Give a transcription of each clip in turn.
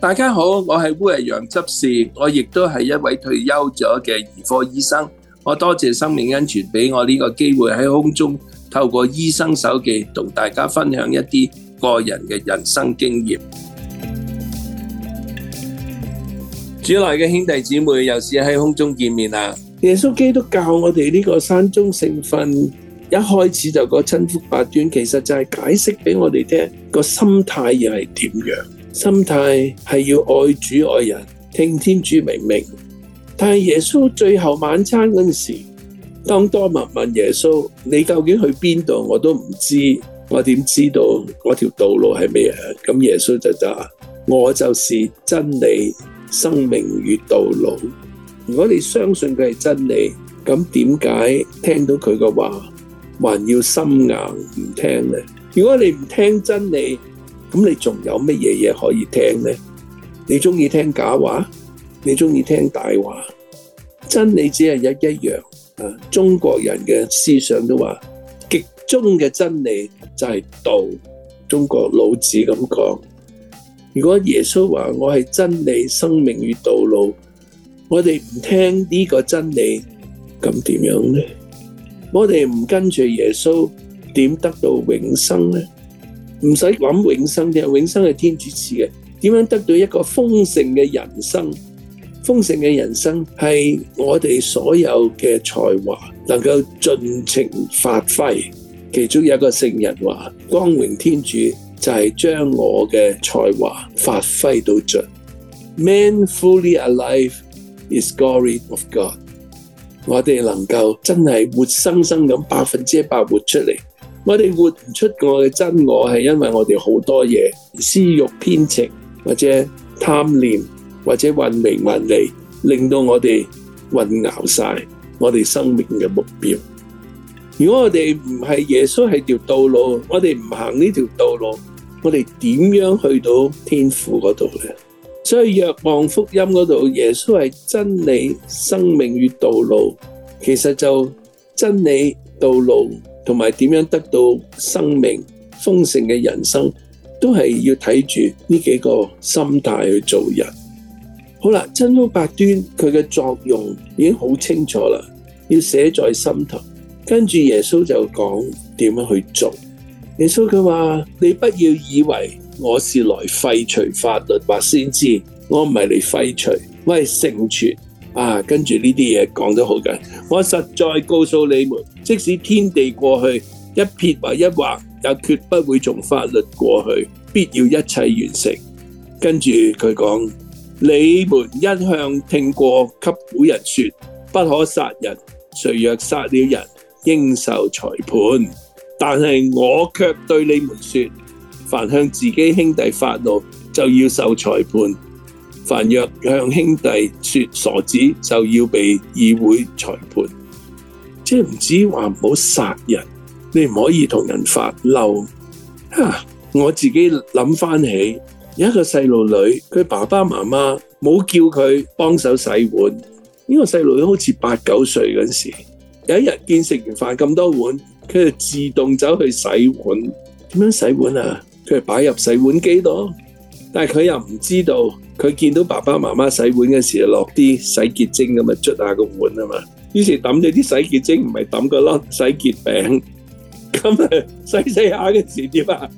大家好，我係烏日陽執事，我亦都係一位退休咗嘅兒科醫生。我多謝生命恩泉俾我呢個機會喺空中透過醫生手記同大家分享一啲個人嘅人生經驗。主內嘅兄弟姊妹，又是喺空中見面啦。耶穌基督教我哋呢個山中聖訓，一開始就個真福八端，其實就係解釋俾我哋聽個心態又係點樣。心態係要愛主愛人聽天主明明，但係耶穌最後晚餐嗰陣時候，當多默問，問耶穌你究竟去邊度我都唔知道，我點知道嗰條道路係咩啊？咁耶穌就答：「我就是真理，生命與道路。如果你相信佢係真理，咁點解聽到佢嘅話還要心硬唔聽呢？如果你唔聽真理，咁你仲有乜嘢嘢可以聽呢？你中意聽假話？你中意聽大話？真理只係一一樣啊！中國人嘅思想都話，極中嘅真理就係道。中國老子咁講。如果耶穌話我係真理、生命與道路，我哋唔聽呢個真理，咁點樣呢？我哋唔跟住耶穌，點得到永生呢？唔使諗永生嘅，永生係天主賜嘅。點樣得到一個豐盛嘅人生？豐盛嘅人生係我哋所有嘅才華能夠盡情發揮。其中有一個聖人話：光榮天主就係將我嘅才華發揮到盡。Man fully alive is glory of God。我哋能夠真係活生生咁百分之一百活出嚟。我哋活唔出我嘅真我，係因為我哋好多嘢、私欲偏情，或者貪念，或者混名混利，令到我哋混淆晒我哋生命嘅目標。如果我哋唔係耶穌係條道路，我哋唔行呢條道路，我哋點樣去到天父嗰度咧？所以《若望福音》嗰度，耶穌係真理、生命與道路，其實就真理、道路。同埋點樣得到生命豐盛嘅人生，都係要睇住呢幾個心態去做人。好啦，真福八端佢嘅作用已經好清楚啦，要寫在心頭。跟住耶穌就講點樣去做。耶穌佢話：你不要以為我是來廢除法律或先知，我唔係嚟廢除，我係成全啊。跟住呢啲嘢講得好緊，我實在告訴你們。即使天地過去一撇或一劃，也決不會從法律過去。必要一切完成。跟住佢講：你們一向聽過給古人說，不可殺人，誰若殺了人，應受裁判。但係我卻對你們說：凡向自己兄弟發怒，就要受裁判；凡若向兄弟說傻子，就要被議會裁判。即係唔止話唔好殺人，你唔可以同人發嬲。吓，我自己諗翻起，有一個細路女，佢爸爸媽媽冇叫佢幫手洗碗。呢個細路女好似八九歲嗰時，有一日見食完飯咁多碗，佢就自動走去洗碗。點樣洗碗啊？佢係擺入洗碗機度，但係佢又唔知道，佢見到爸爸媽媽洗碗嗰時，就落啲洗潔精咁啊捽下個碗啊嘛。於是抌咗啲洗潔精，唔係抌個窿洗潔餅，咁啊洗洗下嘅時候啊，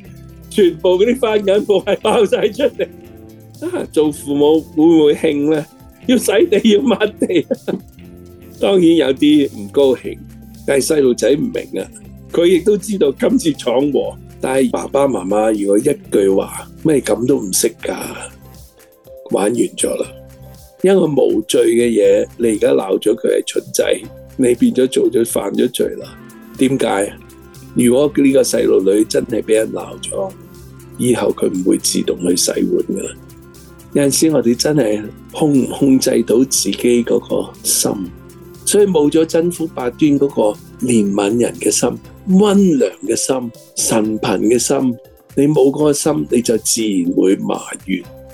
全部嗰啲番梘布係爆曬出嚟。啊，做父母會唔會興咧？要洗地，要抹地，當然有啲唔高興，但係細路仔唔明啊。佢亦都知道今次闖禍，但係爸爸媽媽如果一句話咩咁都唔識㗎，玩完咗啦。一個無罪嘅嘢，你而家鬧咗佢係蠢仔，你變咗做咗了犯咗了罪啦。點解？如果呢個細路女真係畀人鬧咗，以後佢唔會自動去洗碗噶啦。有時候我哋真係控唔控制到自己嗰個心，所以冇咗真福八端嗰個憐憫人嘅心、溫良嘅心、神貧嘅心，你冇嗰個心，你就自然會埋怨。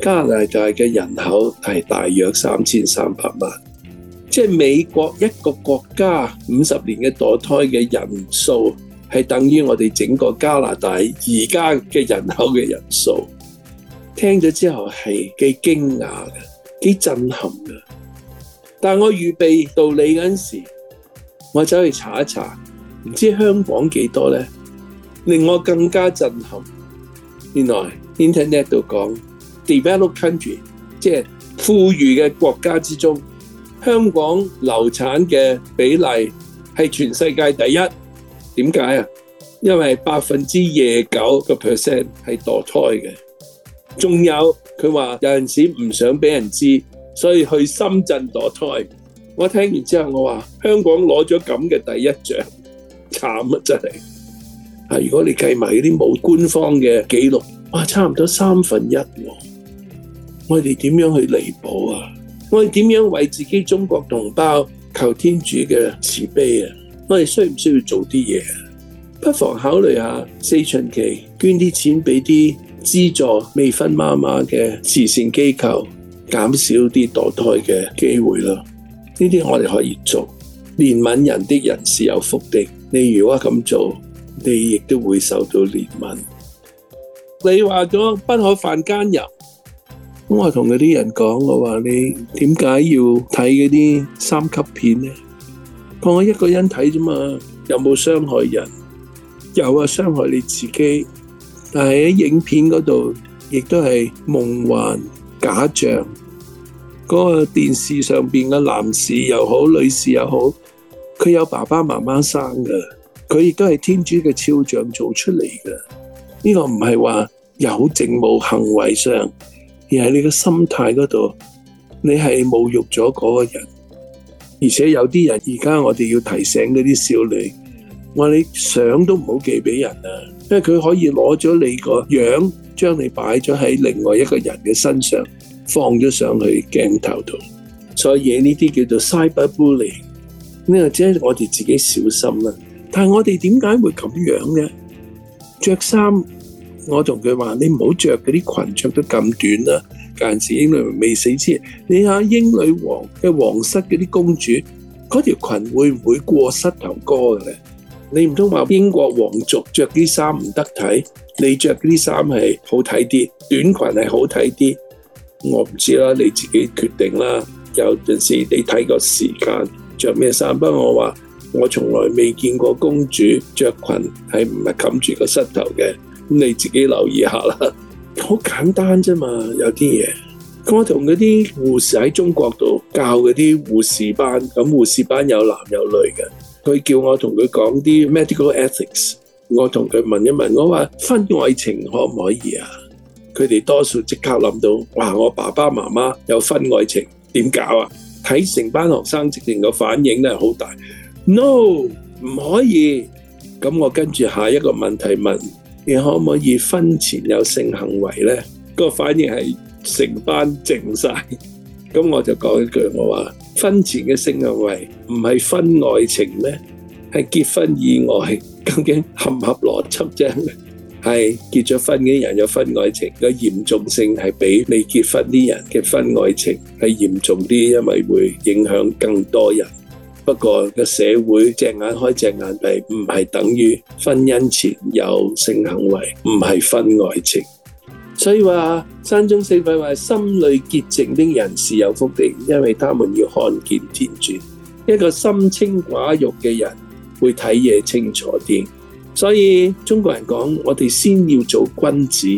加拿大嘅人口係大約三千三百萬，即係美國一個國家五十年嘅墮胎嘅人數，係等於我哋整個加拿大而家嘅人口嘅人數。聽咗之後係幾驚訝嘅，幾震撼嘅。但我預備到你嗰陣時，我走去查一查，唔知道香港幾多咧？令我更加震撼。原來 Internet 度講。developed country，即係富裕嘅國家之中，香港流產嘅比例係全世界第一。點解啊？因為百分之廿九個 percent 係墮胎嘅。仲有佢話有陣時唔想俾人知，所以去深圳墮胎。我聽完之後我說，我話香港攞咗咁嘅第一獎，慘啊！真係啊！如果你計埋啲冇官方嘅記錄，哇，差唔多三分一。我哋點樣去彌補啊？我哋點樣為自己中國同胞求天主嘅慈悲啊？我哋需唔需要做啲嘢啊？不妨考慮下四旬期捐啲錢俾啲資助未婚媽媽嘅慈善機構，減少啲墮胎嘅機會咯。呢啲我哋可以做。憐憫人的人是有福的。你如果咁做，你亦都會受到憐憫。你話咗不可犯姦淫。我同嗰啲人講，我話，你點解要睇嗰啲三級片呢？當我一個人睇啫嘛，有冇傷害人？有啊，傷害你自己。但係喺影片嗰度，亦都係夢幻假象。嗰、那個電視上邊嘅男士又好，女士又好，佢有爸爸媽媽生噶，佢亦都係天主嘅肖像做出嚟噶。呢、這個唔係話有正冇行為上。而係你嘅心態嗰度，你係侮辱咗嗰個人，而且有啲人而家我哋要提醒嗰啲少女，我話你相都唔好寄俾人啊，因為佢可以攞咗你個樣，將你擺咗喺另外一個人嘅身上，放咗上去鏡頭度，所以嘢，呢啲叫做 cyberbullying，你或者我哋自己小心啦。但係我哋點解會咁樣咧？着衫。我同佢話：你唔好著嗰啲裙，著得咁短啦！嗰陣時英女皇未死之前，你睇下英女皇嘅皇室嗰啲公主，嗰條裙會唔會過膝頭哥嘅咧？你唔通話英國皇族著啲衫唔得睇，你著嗰啲衫係好睇啲，短裙係好睇啲？我唔知啦，你自己決定啦。有陣時你睇個時間著咩衫。不過我話，我從來未見過公主著裙係唔係冚住個膝頭嘅。咁你自己留意下啦，好簡單啫嘛。有啲嘢，我同嗰啲護士喺中國度教嗰啲護士班，咁護士班有男有女嘅，佢叫我同佢講啲 medical ethics。我同佢問一問，我話婚外情可唔可以啊？佢哋多數即刻諗到，哇！我爸爸媽媽有婚外情點搞啊？睇成班學生直情個反應咧，好大。No，唔可以。咁我跟住下一個問題問。你可唔可以婚前有性行為呢？個反應係成班靜曬，咁我就講一句，我話婚前嘅性行為唔係婚外情咩，係結婚以外，究竟合唔合邏輯啫？係結咗婚嘅人有婚外情，個嚴重性係比未結婚啲人嘅婚外情係嚴重啲，因為會影響更多人。不過嘅、那個、社會，隻眼開隻眼閉，唔係等於婚姻前有性行為，唔係婚外情。所以話山中聖訓話：心裏潔淨的人是有福的，因為他們要看見天主。一個心清寡欲嘅人會睇嘢清楚啲。所以中國人講：我哋先要做君子，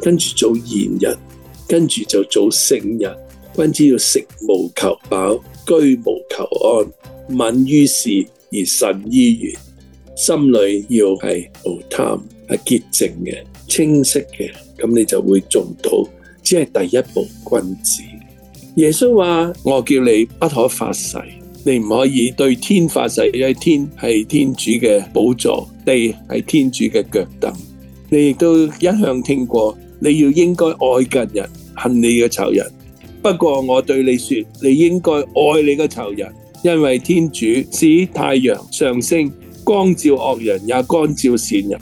跟住做賢人，跟住就做聖人。君子要食無求飽，居無求安。敏於事而慎於言，心裏要係無貪，係潔淨嘅、清晰嘅，咁你就會做到。只係第一步，君子。耶穌話：我叫你不可發誓，你唔可以對天發誓，因為天係天主嘅寶座，地係天主嘅腳凳。你亦都一向聽過，你要應該愛近人，恨你的仇人。不過我對你說，你應該愛你的仇人。因為天主使太陽上升，光照惡人也光照善人，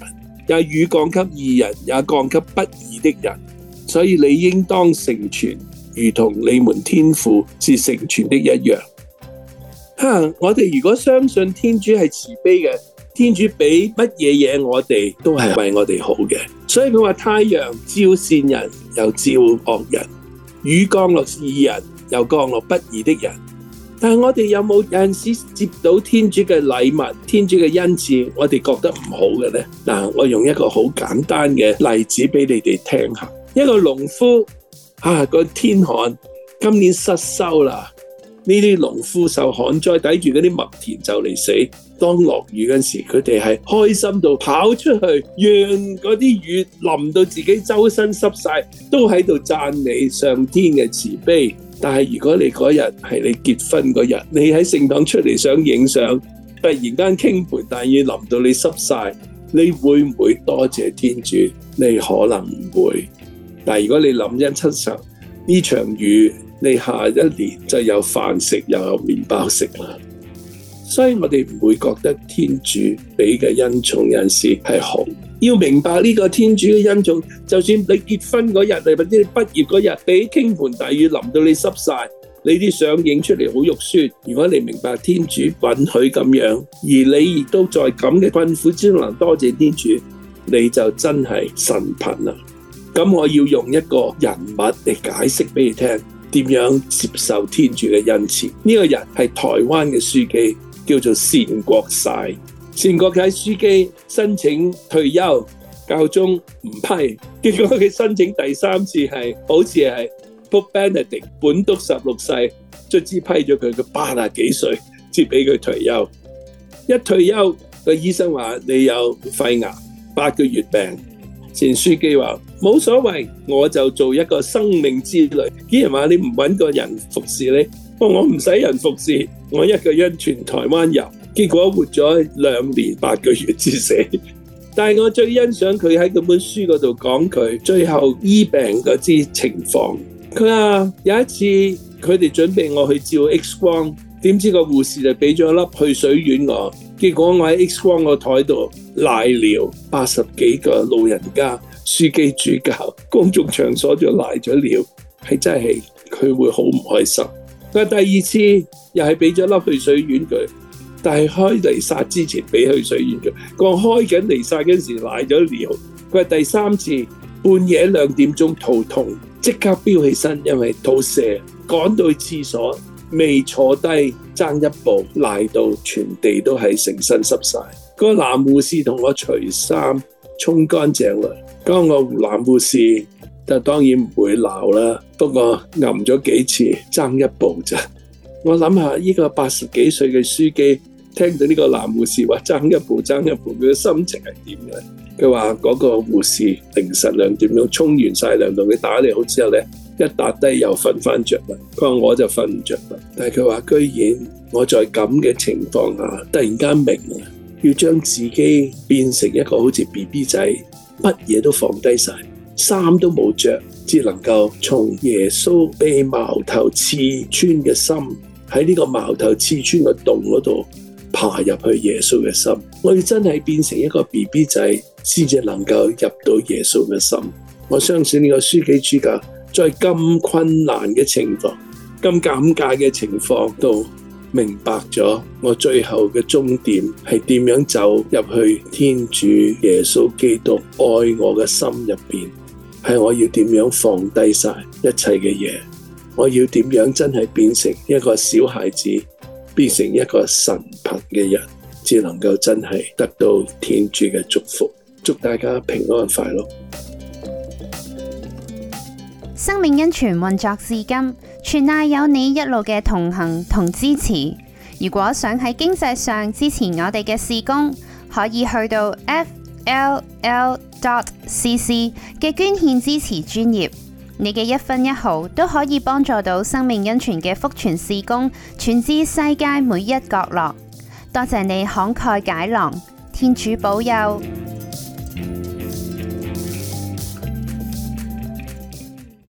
也雨降給義人也降給不義的人，所以你應當成全，如同你們天父是成全的一樣。哈！我哋如果相信天主係慈悲嘅，天主俾乜嘢嘢我哋都係為我哋好嘅，所以佢話太陽照善人又照惡人，雨降落義人又降落不義的人。但係我哋有冇有陣時接到天主嘅禮物、天主嘅恩賜，我哋覺得唔好嘅呢？嗱，我用一個好簡單嘅例子俾你哋聽下。一個農夫啊，個天旱，今年失收啦。呢啲農夫受旱災，抵住嗰啲麥田就嚟死。當落雨嗰時，佢哋係開心到跑出去，讓嗰啲雨淋到自己周身濕晒，都喺度讚美上天嘅慈悲。但係如果你嗰日係你結婚嗰日，你喺聖堂出嚟想影相，突然間傾盆大雨淋到你濕晒，你會唔會多謝天主？你可能唔會。但如果你諗一七十呢場雨，你下一年就有飯食，又有麵包食啦。所以我哋唔會覺得天主俾嘅恩寵有陣時係好。要明白呢個天主嘅恩寵，就算你結婚嗰日，你或者你畢業嗰日，俾傾盆大雨淋到你濕晒，你啲相影出嚟好肉酸。如果你明白天主允許咁樣，而你亦都在咁嘅困苦之難，多謝天主，你就真係神貧啦。咁我要用一個人物嚟解釋俾你聽，點樣接受天主嘅恩賜。呢、這個人係台灣嘅樞機，叫做單國璽。前國仔書記申請退休，教宗唔批，結果佢申請第三次係，好似係福班納迪本篤十六世，卒之批咗佢，佢八啊幾歲，至俾佢退休。一退休，個醫生話你有肺癌、八個月病，前書記話冇所謂，我就做一個生命之旅。既然話你唔搵個人服侍你，我我唔使人服侍，我一個人全台灣遊。結果活咗兩年八個月至死，但係我最欣賞佢喺嗰本書嗰度講佢最後醫病嗰啲情況。佢話有一次佢哋準備我去照 X 光，點知個護士就俾咗粒去水丸我。結果我喺 X 光個台度瀨尿，八十幾個老人家、書記、主教、公眾場所都瀨咗尿，係真係佢會好唔開心。佢第二次又係俾咗粒去水丸佢。但係開離曬之前俾去水完嘅，個開緊離曬嗰時瀨咗尿。佢第三次半夜兩點鐘肚痛，即刻飆起身，因為肚瀉，趕到去廁所未坐低爭一步，瀨到全地都係成身濕晒。個男護士同我除衫沖乾淨佢，嗰、個男護士就當然唔會鬧啦。不過吟咗幾次爭一步咋。我諗下呢、個八十幾歲嘅書記。聽到呢個男護士話爭一步爭一步，佢嘅心情係點嘅？佢話嗰個護士凌晨兩點鐘沖完晒涼，同佢打理好之後咧，一打低又瞓翻着啦。佢話我就瞓唔着啦，但係佢話居然我在咁嘅情況下，突然間明啊，要將自己變成一個好似 B B 仔，乜嘢都放低晒，衫都冇着，只能夠從耶穌被矛頭刺穿嘅心喺呢個矛頭刺穿嘅洞嗰度。爬入去耶穌嘅心，我要真係變成一個 BB 仔，先至能夠入到耶穌嘅心。我相信呢個書記主教，在咁困難嘅情況、咁尷尬嘅情況都明白咗我最後嘅終點係點樣走入去天主耶穌基督愛我嘅心入面，係我要點樣放低晒一切嘅嘢，我要點樣真係變成一個小孩子。變成一個神貧嘅人，只能夠真係得到天主嘅祝福。祝大家平安快樂。生命恩泉運作至今，全賴有你一路嘅同行同支持。如果想喺經濟上支持我哋嘅事工，可以去到 f l l dot c c 嘅捐獻支持專頁。你嘅一分一毫都可以幫助到生命恩泉嘅福傳事工，傳至世界每一角落。多謝你慷慨解囊，天主保佑。